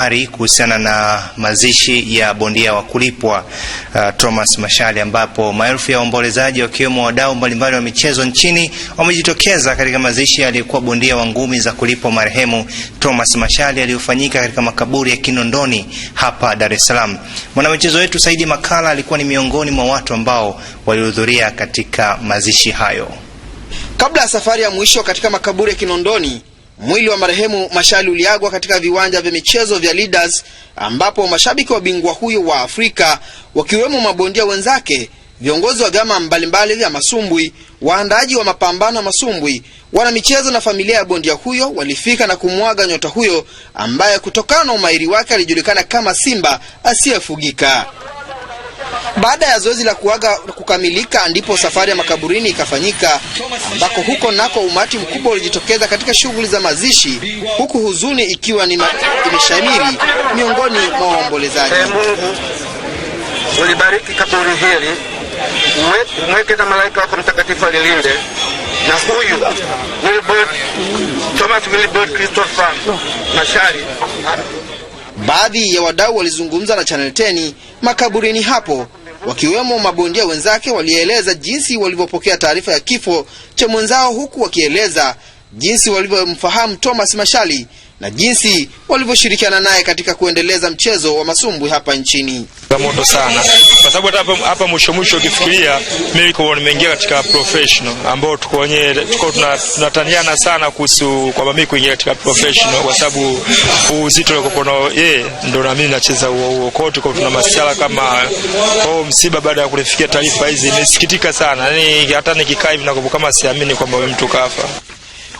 Habari kuhusiana na mazishi ya bondia wa kulipwa uh, Thomas Mashali ambapo maelfu ya waombolezaji wakiwemo wadau mbalimbali wa michezo nchini wamejitokeza katika mazishi aliyekuwa bondia wa ngumi za kulipwa marehemu Thomas Mashali aliyofanyika katika makaburi ya Kinondoni hapa Dar es Salaam. Mwanamichezo wetu Saidi Makala alikuwa ni miongoni mwa watu ambao walihudhuria katika mazishi hayo. Kabla ya safari ya mwisho katika makaburi ya Kinondoni Mwili wa marehemu Mashali uliagwa katika viwanja vya michezo vya Leaders ambapo mashabiki wa bingwa huyo wa Afrika wakiwemo mabondia wenzake, viongozi wa vyama mbalimbali vya masumbwi, waandaaji wa mapambano ya masumbwi, wana michezo na familia ya bondia huyo walifika na kumwaga nyota huyo ambaye kutokana na umahiri wake alijulikana kama Simba asiyefugika. Baada ya zoezi la kuaga kukamilika, ndipo safari ya makaburini ikafanyika, ambako huko nako umati mkubwa ulijitokeza katika shughuli za mazishi, huku huzuni ikiwa imeshamiri miongoni mwa waombolezaji. Ee Mungu ulibariki kaburi hili, mweke na malaika wako mtakatifu alilinde na huyu Wilbert, Thomas Wilbert Christopher Mashari. Baadhi ya wadau walizungumza na Channel 10 makaburini hapo wakiwemo mabondia wenzake walieleza jinsi walivyopokea taarifa ya kifo cha mwenzao huku wakieleza jinsi walivyomfahamu Thomas Mashali na jinsi walivyoshirikiana naye katika kuendeleza mchezo wa masumbwi hapa nchini. Moto sana kwa sababu hata hapa mwisho mwisho ukifikiria, mimi nimeingia katika professional ambao tuko wenyewe tuko tunataniana sana kuhusu kwamba mimi kuingia katika professional kwa sababu uzito wa kokono yeye, ndo na mimi nacheza huo huo, kwa hiyo tuna masuala kama kwao msiba. Baada ya kulifikia taarifa hizi, nisikitika sana, yani hata nikikaa hivi nakumbuka kama siamini kwamba mtu kafa.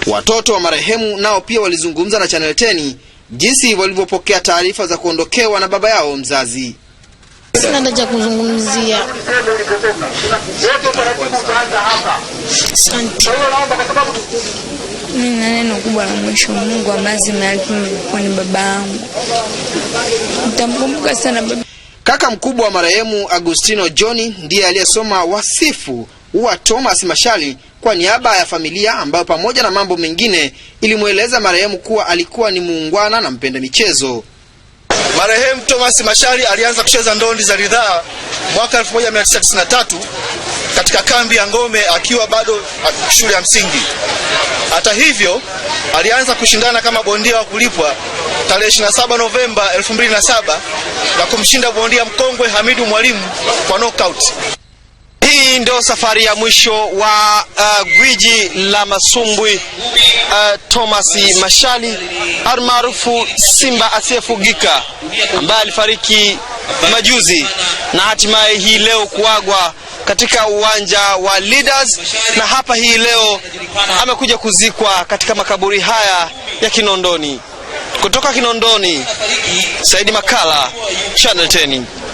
Watoto wa marehemu nao pia walizungumza na Channel 10 jinsi walivyopokea taarifa za kuondokewa na baba yao mzazi. Sina haja kuzungumzia. Asante. Nina neno kubwa la mwisho. Mungu amazi mahali pema ni baba yangu. Nitamkumbuka sana baba. Kaka mkubwa wa marehemu Agustino Johnny ndiye aliyesoma wasifu wa Thomas Mashali kwa niaba ya familia ambayo pamoja na mambo mengine ilimweleza marehemu kuwa alikuwa ni muungwana na mpenda michezo. Marehemu Thomas Mashali alianza kucheza ndondi za ridhaa mwaka 1993 katika kambi ya Ngome akiwa bado shule ya msingi. Hata hivyo, alianza kushindana kama bondia wa kulipwa tarehe 27 Novemba 2007 na kumshinda bondia mkongwe Hamidu Mwalimu kwa knockout. Hii ndio safari ya mwisho wa uh, gwiji la masumbwi uh, Thomas Mashali almaarufu Simba asiyefugika ambaye alifariki majuzi na hatimaye hii leo kuagwa katika uwanja wa Leaders, na hapa hii leo amekuja kuzikwa katika makaburi haya ya Kinondoni. Kutoka Kinondoni, Saidi Makala, Channel 10.